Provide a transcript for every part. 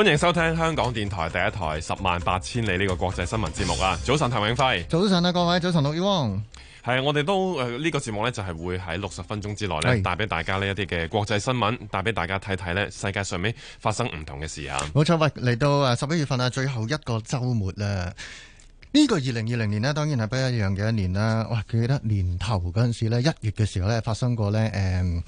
歡迎收聽香港電台第一台《十萬八千里》呢個國際新聞節目啊！早晨，譚永輝。早晨啊，各位，早晨，陸宇光。係我哋都呢、呃這個節目呢，就係、是、會喺六十分鐘之內呢，帶俾是大家呢一啲嘅國際新聞，帶俾大家睇睇呢世界上面發生唔同嘅事啊！冇錯，喂，嚟到啊十一月份啊，最後一個周末啦。呢、這個二零二零年呢，當然係不一樣嘅一年啦。哇，記得年頭嗰陣時咧，一月嘅時候呢，發生過呢。誒、嗯。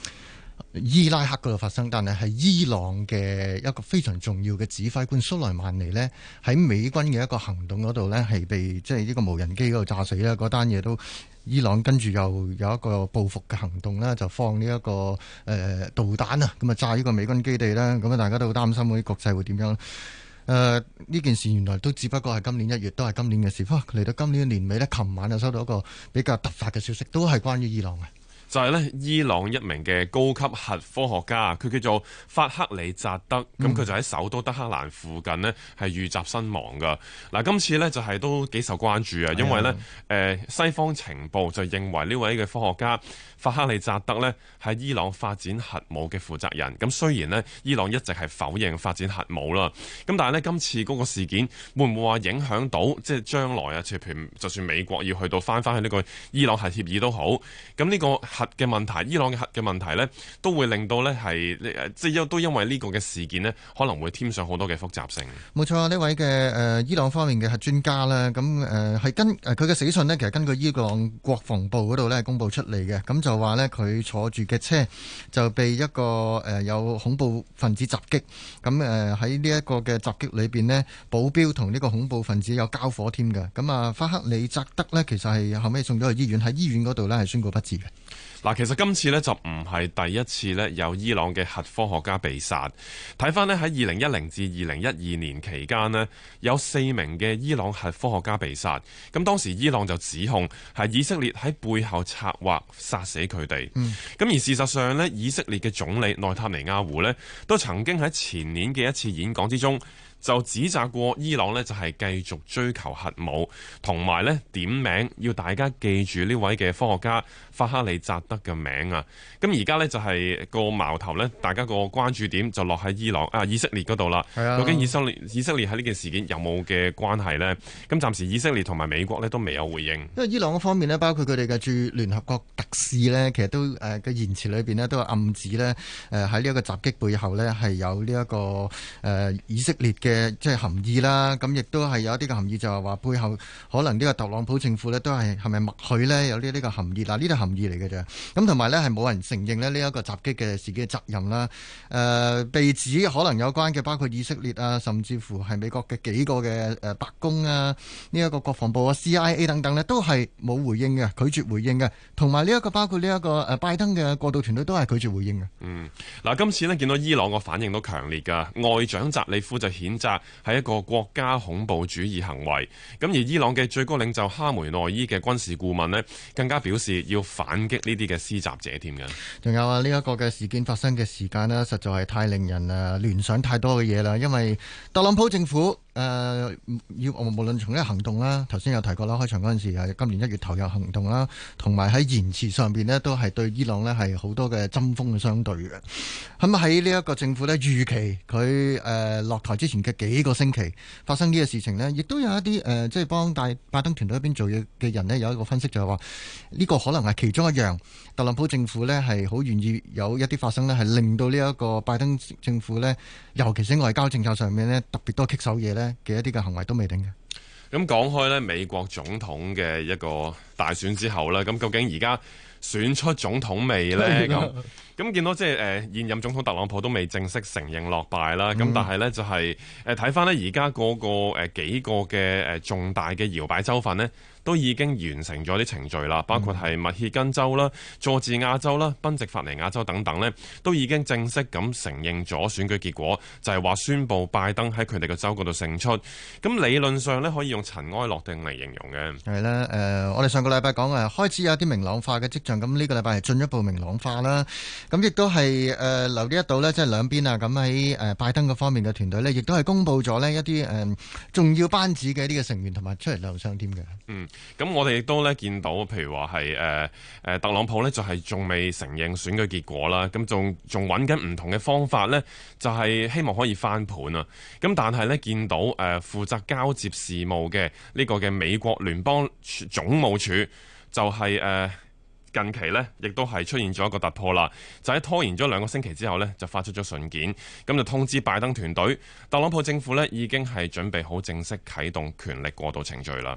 伊拉克嗰度發生，但係係伊朗嘅一個非常重要嘅指揮官蘇萊曼尼呢，喺美軍嘅一個行動嗰度呢，係被即係呢個無人機嗰度炸死啦。嗰單嘢都伊朗跟住又有一個報復嘅行動啦，就放呢、這、一個誒、呃、導彈啊，咁啊炸呢個美軍基地啦。咁啊，大家都好擔心嗰啲國際會點樣？誒、呃、呢件事原來都只不過係今年一月都係今年嘅事。嚟、啊、到今年年尾呢，琴晚就收到一個比較突發嘅消息，都係關於伊朗嘅。就係咧，伊朗一名嘅高級核科學家，佢叫做法克里扎德，咁佢、嗯、就喺首都德黑蘭附近呢係遇襲身亡噶。嗱、啊，今次呢就係、是、都幾受關注啊，哎、呀因為呢、呃、西方情報就認為呢位嘅科學家法克里扎德呢係伊朗發展核武嘅負責人。咁雖然呢，伊朗一直係否認發展核武啦，咁但係呢，今次嗰個事件會唔會話影響到即係、就是、將來啊譬？就算美國要去到返返去呢個伊朗核協議都好，咁呢、這個。核嘅問題，伊朗嘅核嘅問題呢，都會令到呢係即係都因為呢個嘅事件呢，可能會添上好多嘅複雜性。冇錯，呢位嘅誒、呃、伊朗方面嘅核專家、呃是呃、呢，咁誒係跟佢嘅死訊咧，其實根據伊朗國防部嗰度呢公佈出嚟嘅，咁就話呢，佢坐住嘅車就被一個誒、呃、有恐怖分子襲擊，咁誒喺呢一個嘅襲擊裏邊呢，保鏢同呢個恐怖分子有交火添嘅。咁啊、呃，法克里澤德呢，其實係後尾送咗去醫院，喺醫院嗰度呢係宣告不治嘅。嗱，其實今次咧就唔係第一次咧有伊朗嘅核科學家被殺。睇翻呢喺二零一零至二零一二年期間呢，有四名嘅伊朗核科學家被殺。咁當時伊朗就指控係以色列喺背後策劃殺死佢哋。咁、嗯、而事實上呢，以色列嘅總理內塔尼亞胡呢都曾經喺前年嘅一次演講之中。就指責過伊朗呢就係繼續追求核武，同埋呢點名要大家記住呢位嘅科學家法哈利扎德嘅名啊！咁而家呢，就係個矛頭呢，大家個關注點就落喺伊朗啊以色列嗰度啦。啊、究竟以色列以色列喺呢件事件有冇嘅關係呢？咁暫時以色列同埋美國呢都未有回應。因為伊朗方面呢，包括佢哋嘅駐聯合國特使呢，其實都嘅、呃、言辭裏面呢，都係暗指呢，喺呢一個襲擊背後呢，係有呢、這、一個、呃、以色列嘅。嘅即係含義啦，咁亦都係有一啲嘅含義，就係話背後可能呢個特朗普政府呢都係係咪默許呢？有啲呢個含義？嗱，呢啲含義嚟嘅啫。咁同埋呢係冇人承認呢呢一個襲擊嘅自己嘅責任啦。誒、呃，被指可能有關嘅包括以色列啊，甚至乎係美國嘅幾個嘅誒白宮啊，呢、這、一個國防部啊、CIA 等等呢都係冇回應嘅，拒絕回應嘅。同埋呢一個包括呢一個誒拜登嘅過渡團隊都係拒絕回應嘅。嗯，嗱，今次呢見到伊朗個反應都強烈噶外長扎里夫就顯。就係一個國家恐怖主義行為，咁而伊朗嘅最高領袖哈梅內伊嘅軍事顧問咧，更加表示要反擊呢啲嘅施襲者添嘅。仲有啊，呢一個嘅事件發生嘅時間咧，實在係太令人啊聯想太多嘅嘢啦，因為特朗普政府。誒，要、呃、無論從呢個行動啦，頭先有提過啦，開場嗰陣時係今年一月頭有行動啦，同埋喺言辭上邊呢，都係對伊朗呢係好多嘅針鋒相對嘅。咁喺呢一個政府呢，預期佢誒、呃、落台之前嘅幾個星期發生呢個事情呢，亦都有一啲誒，即係幫大拜登團隊一邊做嘢嘅人呢，有一個分析就係話呢個可能係其中一樣，特朗普政府呢係好願意有一啲發生呢，係令到呢一個拜登政府呢，尤其是外交政策上面呢，特別多棘手嘢嘅一啲嘅行為都未定嘅。咁講開呢，美國總統嘅一個大選之後啦，咁究竟而家選出總統未呢？咁咁了見到即係誒現任總統特朗普都未正式承認落敗啦。咁、嗯、但係、就、呢、是，就係睇翻呢而家嗰個幾幾個嘅重大嘅搖擺州份呢。都已經完成咗啲程序啦，包括係密歇根州啦、佐治亞州啦、賓夕法尼亞州等等呢，都已經正式咁承認咗選舉結果，就係話宣布拜登喺佢哋嘅州嗰度勝出。咁理論上呢，可以用塵埃落定嚟形容嘅。係啦，誒，我哋上個禮拜講啊，開始有啲明朗化嘅跡象，咁呢個禮拜係進一步明朗化啦。咁亦都係誒留呢一度呢，即係兩邊啊，咁喺誒拜登嗰方面嘅團隊呢，亦都係公布咗呢一啲誒重要班子嘅一啲嘅成員同埋出嚟亮相添嘅。嗯。咁我哋亦都咧見到，譬如話係誒誒，特朗普呢，就係仲未承認選舉結果啦。咁仲仲揾緊唔同嘅方法呢，就係、是、希望可以翻盤啊。咁但係呢，見到誒，負責交接事務嘅呢個嘅美國聯邦總務處就係、是、誒近期呢，亦都係出現咗一個突破啦，就喺拖延咗兩個星期之後呢，就發出咗信件，咁就通知拜登團隊，特朗普政府呢，已經係準備好正式啟動權力過渡程序啦。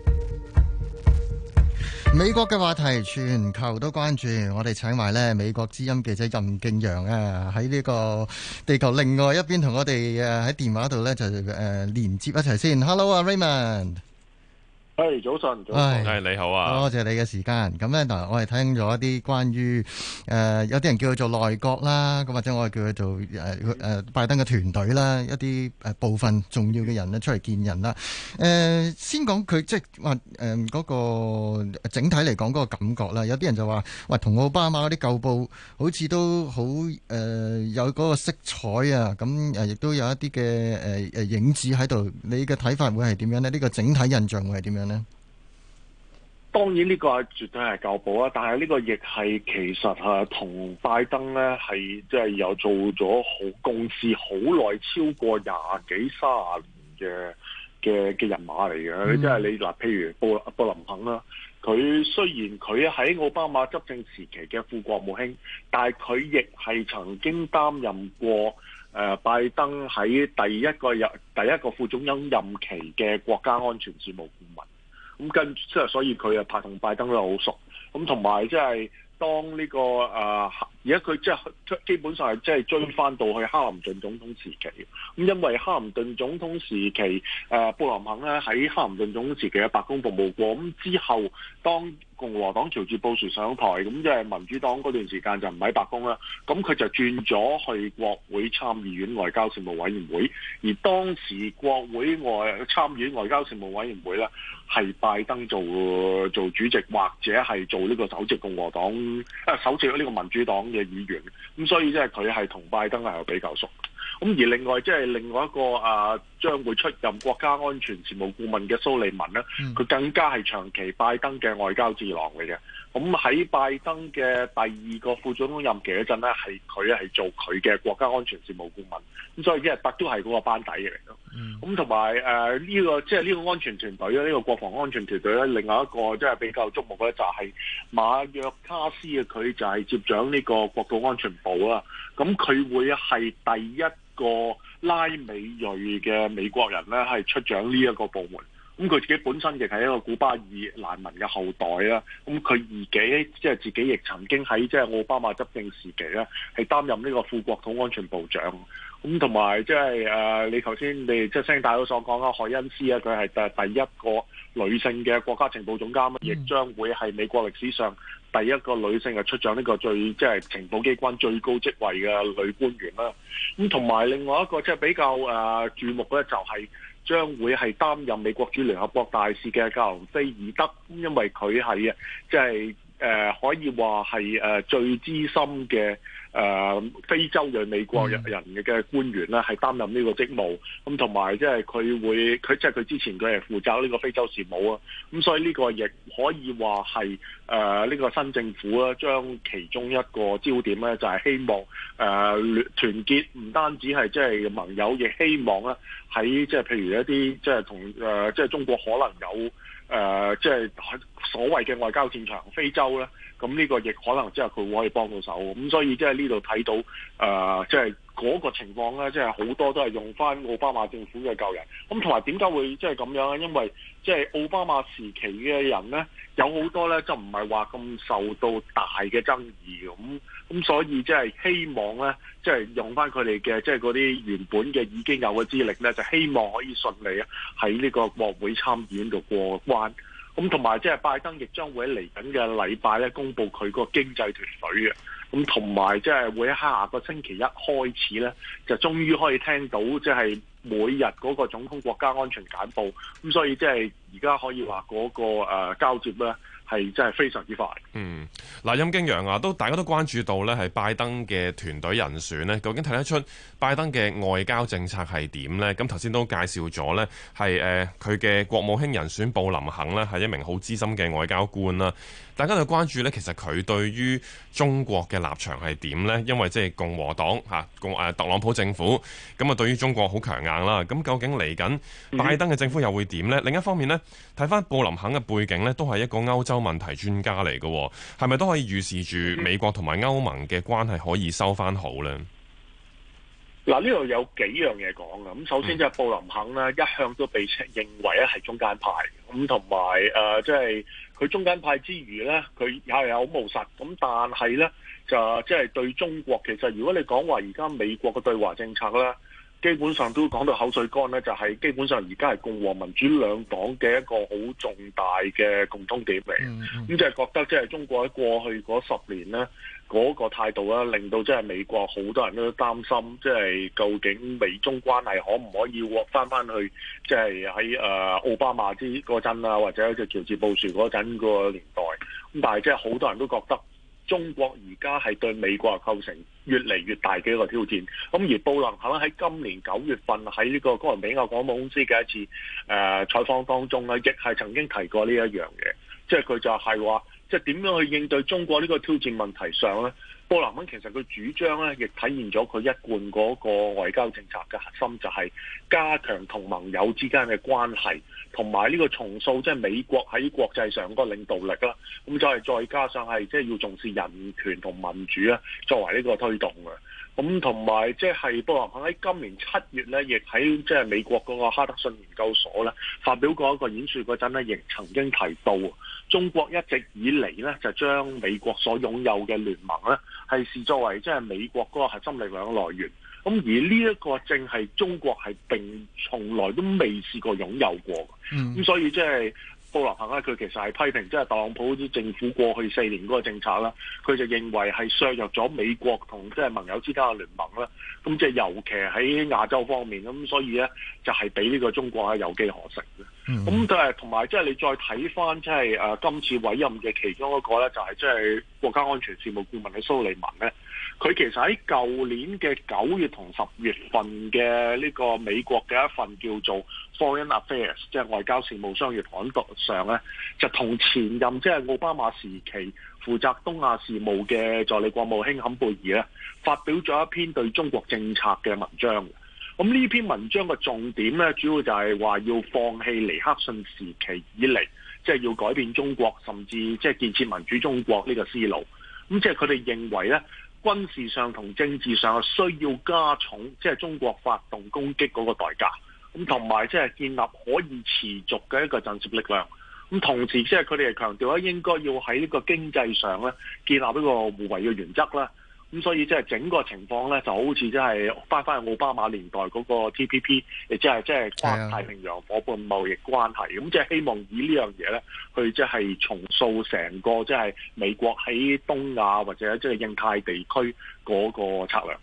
美國嘅話題，全球都關注。我哋請埋咧美國之音記者任敬揚啊，喺呢個地球另外一邊同我哋喺電話度咧就誒連接一齊先。Hello，阿 Raymond。誒，早晨，早晨，哎，你好啊！多謝你嘅時間。咁咧嗱，我哋聽咗一啲關於誒、呃，有啲人叫佢做內閣啦，咁或者我哋叫佢做誒誒、呃呃、拜登嘅團隊啦，一啲誒、呃、部分重要嘅人咧出嚟見人啦。誒、呃，先講佢即係話，誒、呃、嗰、那個整體嚟講嗰個感覺啦。有啲人就話，喂、呃，同奧巴馬嗰啲舊部好似都好誒、呃，有嗰個色彩啊。咁誒，亦、呃、都有一啲嘅誒誒影子喺度。你嘅睇法會係點樣咧？呢、這個整體印象會係點樣？當然呢個係絕對係舊部啦，但係呢個亦係其實係同拜登呢係即係有做咗好共事好耐，超過廿幾卅年嘅嘅嘅人馬嚟嘅即係你嗱，譬如布布林肯啦，佢雖然佢喺奧巴馬執政時期嘅副國務卿，但係佢亦係曾經擔任過誒拜登喺第一個任第一個副總統任期嘅國家安全事務顧問。咁跟即係，所以佢啊，拍同拜登都好熟。咁同埋即係當呢個啊。呃而家佢即係基本上係即係追翻到去哈林頓總，總統時期，咁因為哈林頓總統時期，誒布林肯咧喺哈林頓總統時期嘅白宮服務過，咁之後當共和黨喬治布殊上台，咁即係民主黨嗰段時間就唔喺白宮啦，咁佢就轉咗去國會參議院外交事務委員會，而當時國會外參議院外交事務委員會咧係拜登做做主席，或者係做呢個首席共和黨誒、啊、首席呢個民主黨。嘅議員。咁所以即係佢係同拜登係比較熟，咁而另外即係另外一個啊，將會出任國家安全事務顧問嘅蘇利文咧，佢、嗯、更加係長期拜登嘅外交智囊嚟嘅。咁喺拜登嘅第二個副總統任期嗰陣咧，係佢係做佢嘅國家安全事務顧問，咁所以一係八都係嗰個班底嚟咯。咁同埋誒呢個即係呢個安全團隊咧，呢個國防安全團隊咧，另外一個即係比較矚目咧，就係馬約卡斯嘅佢就係接掌呢個國土安全部啊。咁佢會係第一個拉美裔嘅美國人咧，係出掌呢一個部門。咁佢自己本身亦係一個古巴裔難民嘅後代啦。咁佢自己即係自己亦曾經喺即係奧巴馬執政時期咧，係擔任呢個副國土安全部長，咁同埋即係誒你頭先你即係聲大佬所講啊，海恩斯啊，佢係誒第一個女性嘅國家情報總監，亦將、mm. 會係美國歷史上第一個女性啊出掌呢個最即係、就是、情報機關最高職位嘅女官員啦。咁同埋另外一個即係比較誒注目咧就係、是。將會係擔任美國駐聯合國大使嘅格倫菲爾德，因為佢係啊即係誒可以話係誒最資深嘅誒、呃、非洲嘅美國人嘅官員咧，係擔任呢個職務，咁同埋即係佢會佢即係佢之前佢係負責呢個非洲事務啊，咁所以呢個亦可以話係誒呢個新政府咧，將其中一個焦點咧，就係希望誒團、呃、結唔單止係即係盟友，亦希望咧喺即係譬如一啲即係同誒即係中國可能有。誒，即係、呃就是、所謂嘅外交戰場，非洲呢，咁呢個亦可能即係佢會可以幫到手，咁所以即係呢度睇到，誒、呃，即係嗰個情況呢，即係好多都係用翻奧巴馬政府嘅舊人，咁同埋點解會即係咁樣呢？因為即係奧巴馬時期嘅人呢，有好多呢，就唔係話咁受到大嘅爭議咁。咁所以即係希望咧，即係用翻佢哋嘅即係嗰啲原本嘅已經有嘅資歷咧，就希望可以順利啊喺呢個國會參議院度過關。咁同埋即係拜登亦將會喺嚟緊嘅禮拜咧公布佢個經濟團隊嘅。咁同埋即係會喺下個星期一開始咧，就終於可以聽到即係每日嗰個總統國家安全簡報。咁所以即係而家可以話嗰個誒交接咧。係真係非常之快，嗯。嗯，嗱，任敬揚啊，都大家都關注到呢，係拜登嘅團隊人選咧，究竟睇得出拜登嘅外交政策係點呢？咁頭先都介紹咗呢，係誒佢嘅國務卿人選布林肯呢，係一名好資深嘅外交官啊。大家又關注呢，其實佢對於中國嘅立場係點呢？因為即係共和黨嚇、啊、共誒、啊、特朗普政府咁啊，對於中國好強硬啦。咁究竟嚟緊拜登嘅政府又會點呢？嗯、另一方面呢，睇翻布林肯嘅背景呢，都係一個歐洲問題專家嚟嘅，係咪都可以預示住美國同埋歐盟嘅關係可以收翻好呢？嗱，呢度有幾樣嘢講嘅。咁首先即係布林肯呢，一向都被認為咧係中間派。咁同埋誒，即係佢中間派之餘呢，佢也係好務實。咁但係呢，就即係對中國，其實如果你講話而家美國嘅對華政策呢。基本上都講到口水乾咧，就係、是、基本上而家係共和民主兩黨嘅一個好重大嘅共通點嚟，咁即係覺得即係中國喺過去嗰十年咧嗰、那個態度咧，令到即係美國好多人都擔心，即係究竟美中關係可唔可以獲翻翻去，即係喺誒奧巴馬之嗰陣啦，或者就喬治布殊嗰陣個年代，咁但係即係好多人都覺得。中國而家係對美國構成越嚟越大嘅一個挑戰，咁而布林肯喺今年九月份喺呢個哥倫比亞廣播公司嘅一次誒採訪當中咧，亦係曾經提過呢一樣嘢，即係佢就係話，即係點樣去應對中國呢個挑戰問題上咧？布林肯其實佢主張咧，亦體現咗佢一貫嗰個外交政策嘅核心，就係加強同盟友之間嘅關係，同埋呢個重塑即係美國喺國際上個領導力啦。咁就係再加上係即係要重視人權同民主啊，作為呢個推動嘅。咁同埋，即係布林肯喺今年七月咧，亦喺即係美國嗰個哈德遜研究所咧，發表過一個演說嗰陣咧，亦曾經提到，中國一直以嚟咧就將美國所擁有嘅聯盟咧，係視作為即係、就是、美國嗰個核心力量嘅來源。咁而呢一個正係中國係並從來都未試過擁有過。咁、嗯嗯、所以即、就、係、是。布林肯咧，佢其實係批評，即係特朗普啲政府過去四年嗰個政策啦，佢就認為係削弱咗美國同即係盟友之間嘅聯盟啦。咁即係尤其喺亞洲方面咁，所以咧就係俾呢個中國係有機可乘嘅。咁就係同埋即係你再睇翻，即係誒今次委任嘅其中一個咧，就係即係國家安全事務顧問嘅蘇利文咧。佢其實喺舊年嘅九月同十月份嘅呢個美國嘅一份叫做 Foreign Affairs，即係、就是、外交事務雙月刊度上咧，就同前任即係奧巴馬時期負責東亞事務嘅助理國務卿坎貝爾咧，發表咗一篇對中國政策嘅文章。咁呢篇文章嘅重點咧，主要就係話要放棄尼克遜時期以嚟，即、就、係、是、要改變中國，甚至即係建設民主中國呢個思路。咁即係佢哋認為咧。軍事上同政治上啊，需要加重，即係中國發動攻擊嗰個代價，咁同埋即係建立可以持續嘅一個震懾力量，咁同時即係佢哋係強調咧，應該要喺呢個經濟上咧，建立呢個互惠嘅原則啦。咁所以即係整個情況咧，就好似即係翻返去奧巴馬年代嗰個 TPP，亦即係即係跨太平洋伙伴貿易關係，咁即係希望以呢樣嘢咧，去即係重塑成個即係美國喺東亞或者即係印太地區嗰個策略。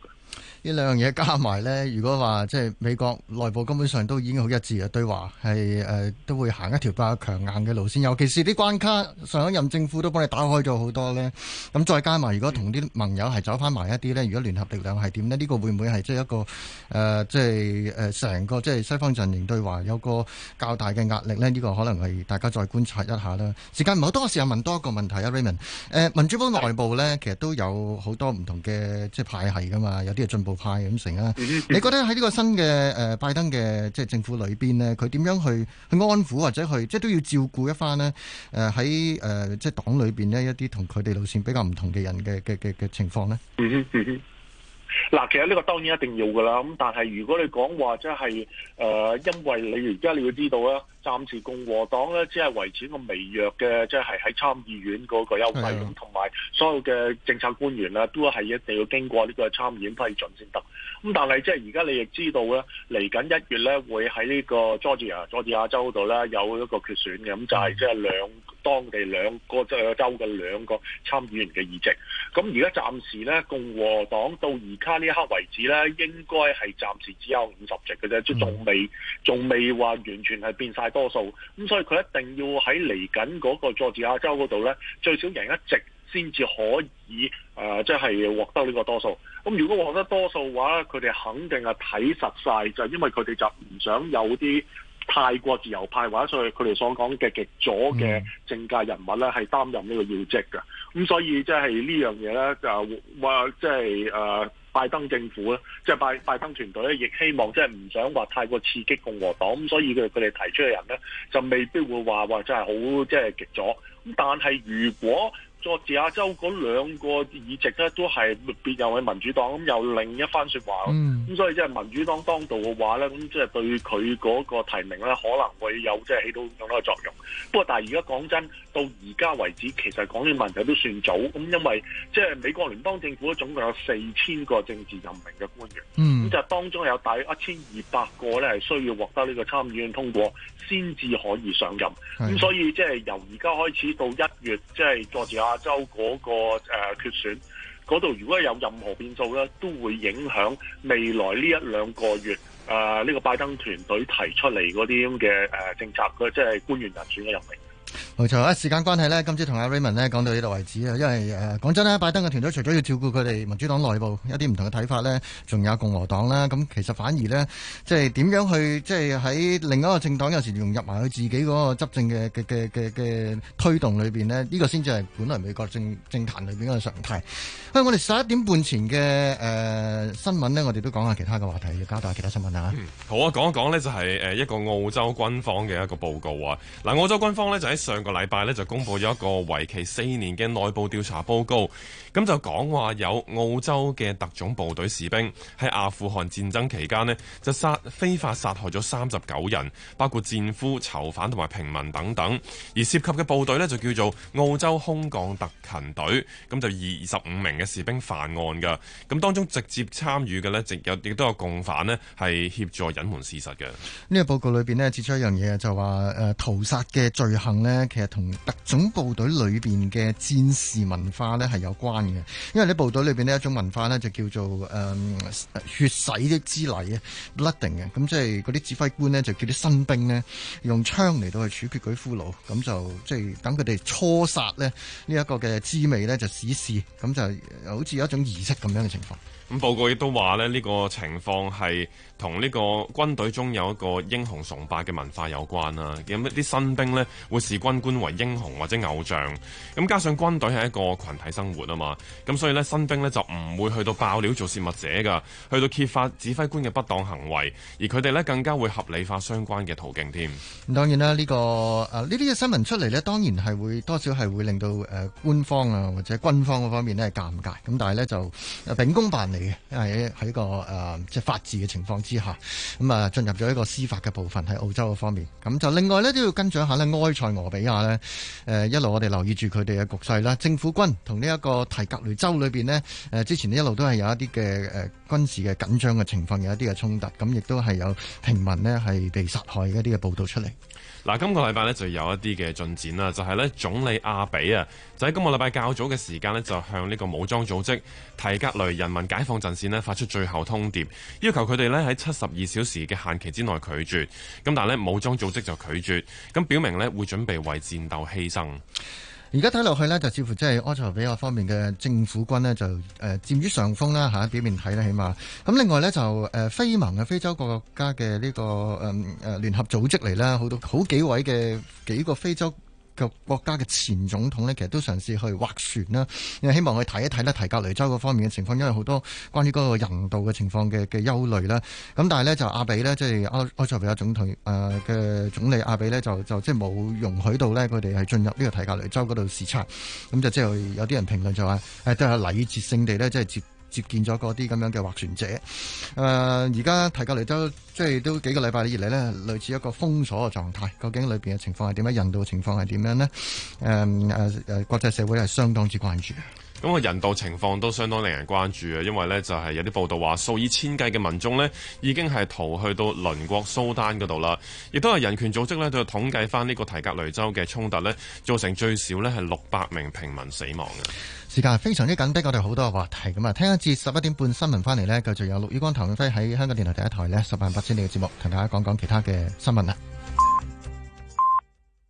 呢兩樣嘢加埋呢，如果話即係美國內部根本上都已經好一致啊，對華係誒都會行一條比較強硬嘅路線。尤其是啲關卡上一任政府都幫你打開咗好多呢。咁再加埋，如果同啲盟友係走翻埋一啲呢，如果聯合力量係點呢？呢個會唔會係即係一個誒，即係成個即係西方陣營對華有個較大嘅壓力呢？呢個可能係大家再觀察一下啦。時間唔好多，時間問多一個問題啊，Raymond。誒 Ray、呃、民主黨內部呢，其實都有好多唔同嘅即係派系噶嘛，有啲派咁成啦，你覺得喺呢個新嘅拜登嘅即係政府裏邊咧，佢點樣去去安撫或者去即係都要照顧一翻呢？喺誒即係黨裏邊咧一啲同佢哋路線比較唔同嘅人嘅嘅嘅嘅情況呢？嗱、嗯嗯嗯嗯，其實呢個當然一定要噶啦，咁但係如果你講話即係呃、因為你而家你要知道啦。暫時共和黨咧，只係維持個微弱嘅，即係喺參議院嗰個優勢，同埋的所有嘅政策官員咧，都係一定要經過呢個參議院批准先得。咁但係即係而家你亦知道咧，嚟緊一月咧會喺呢個佐治亞、佐治亞州度咧有一個決選嘅，咁就係即係兩當地兩個、呃、州嘅兩個參議員嘅議席。咁而家暫時咧共和黨到而家呢一刻為止咧，應該係暫時只有五十席嘅啫，即仲未仲未話完全係變晒。多數咁，所以佢一定要喺嚟緊嗰個佐治亞州嗰度咧，最少贏一席先至可以誒，即、呃、係、就是、獲得呢個多數。咁如果獲得多數嘅話咧，佢哋肯定係睇實晒，就是、因為佢哋就唔想有啲太過自由派或者佢佢哋所講嘅極左嘅政界人物咧，係擔任呢個要職嘅。咁所以即係呢樣嘢咧，就話即係誒。呃，就是呃拜登政府咧，即係拜拜登團隊咧，亦希望即係唔想話太過刺激共和黨，咁所以佢佢哋提出嘅人咧，就未必會話話真係好即係極左。咁但係如果佐治亞州嗰兩個議席咧，都係別又係民主黨，咁又另一番説話。咁、嗯、所以即係民主黨當道嘅話咧，咁即係對佢嗰個提名咧，可能會有即係起到咁多嘅作用。不過但係而家講真。到而家為止，其實講呢個問題都算早，咁因為即係美國聯邦政府總共有四千個政治任命嘅官員，咁就、嗯、當中有大約一千二百個咧係需要獲得呢個參議院通過先至可以上任，咁所以即係由而家開始到一月，即係佐治亞州嗰個誒決選嗰度，如果有任何變數咧，都會影響未來呢一兩個月誒呢個拜登團隊提出嚟嗰啲咁嘅誒政策，佢即係官員人選嘅任命。冇錯啊！時間關係呢，今次同阿 Raymond 咧講到呢度為止啊，因為誒講、呃、真呢，拜登嘅團隊除咗要照顧佢哋民主黨內部有啲唔同嘅睇法呢，仲有共和黨啦。咁其實反而呢，即係點樣去即係喺另一個政黨有時融入埋佢自己嗰個執政嘅嘅嘅嘅嘅推動裏邊呢，呢、這個先至係本來美國政政壇裏邊嘅常態。餵、哎！我哋十一點半前嘅誒、呃、新聞呢，我哋都講下其他嘅話題，要交代下其他新聞啊、嗯！好啊，講一講呢就係誒一個澳洲軍方嘅一個報告啊。嗱、呃，澳洲軍方呢就喺上。這個禮拜呢，就公布咗一個為期四年嘅內部調查報告，咁就講話有澳洲嘅特種部隊士兵喺阿富汗戰爭期間呢，就殺，非法殺害咗三十九人，包括戰俘、囚犯同埋平民等等，而涉及嘅部隊呢，就叫做澳洲空降特勤隊，咁就二十五名嘅士兵犯案噶，咁當中直接參與嘅呢，亦有亦都有共犯呢，係協助隱瞞事實嘅。呢個報告裏邊呢，指出一樣嘢就話誒、呃、屠殺嘅罪行呢。其實同特種部隊裏邊嘅戰士文化咧係有關嘅，因為呢部隊裏邊咧一種文化咧就叫做誒、嗯、血洗的之禮啊，拉丁嘅，咁即係嗰啲指揮官咧就叫啲新兵咧用槍嚟到去處決佢俘虜，咁就即係等佢哋初殺咧呢一個嘅滋味咧就試試，咁就好似有一種儀式咁樣嘅情況。咁報告亦都話咧，呢個情況係同呢個軍隊中有一個英雄崇拜嘅文化有關啦。有啲新兵呢會視軍官為英雄或者偶像。咁加上軍隊係一個群體生活啊嘛，咁所以呢新兵呢就唔會去到爆料做泄密者噶，去到揭發指揮官嘅不當行為，而佢哋呢更加會合理化相關嘅途徑添。咁當然啦，呢個誒呢啲嘅新聞出嚟呢，當然係會多少係會令到、呃、官方啊或者軍方嗰方面係尷尬。咁但係呢就秉公辦理。係，喺喺個誒、呃，即係法治嘅情況之下，咁啊進入咗一個司法嘅部分喺澳洲方面。咁就另外咧都要跟進下呢埃塞俄比亞呢誒、呃、一路我哋留意住佢哋嘅局勢啦。政府軍同呢一個提格雷州裏邊呢，誒、呃、之前咧一路都係有一啲嘅誒。呃軍事嘅緊張嘅情況有一啲嘅衝突，咁亦都係有平民呢係被殺害嘅一啲嘅報道出嚟。嗱，今個禮拜呢就有一啲嘅進展啦，就係呢總理阿比啊，就喺今個禮拜較早嘅時間呢，就向呢個武裝組織提格雷人民解放陣線呢發出最後通牒，要求佢哋呢喺七十二小時嘅限期之內拒絕。咁但係呢，武裝組織就拒絕，咁表明呢會準備為戰鬥犧牲。而家睇落去呢，就似乎即係埃塞俄比亞方面嘅政府軍呢，就、呃、誒佔於上風啦嚇、啊。表面睇咧，起碼咁另外呢，就誒、呃、非盟嘅非洲國家嘅呢、這個誒誒聯合組織嚟啦，好多好幾位嘅幾個非洲。個國家嘅前總統咧，其實都嘗試去斡旋啦，因為希望去睇一睇咧提格雷州嗰方面嘅情況，因為好多關於嗰個人道嘅情況嘅嘅憂慮啦。咁但係呢，就阿比呢，即係埃埃塞俄比亞總統誒嘅、呃、總理阿比呢，就就即係冇容許到呢，佢哋係進入呢個提格雷州嗰度視察。咁、嗯、就即係有啲人評論就話誒都係禮節性地呢，即係接。接見咗嗰啲咁樣嘅划船者，誒而家提格雷州，即係都幾個禮拜以嚟咧，類似一個封鎖嘅狀態。究竟裏面嘅情況係點樣？人道嘅情況係點樣呢？誒、呃呃、國際社會係相當之關注。咁啊，人道情況都相當令人關注啊！因為呢就係有啲報道話數以千計嘅民眾呢已經係逃去到鄰國蘇丹嗰度啦。亦都係人權組織咧，就統計翻呢個提格雷州嘅衝突呢造成最少呢係六百名平民死亡。嘅時間係非常之緊逼，我哋好多個話題，咁啊，聽一節十一點半新聞翻嚟呢，繼續有陸宇光、唐永輝喺香港電台第一台呢，十萬八千里嘅節目同大家講講其他嘅新聞啦。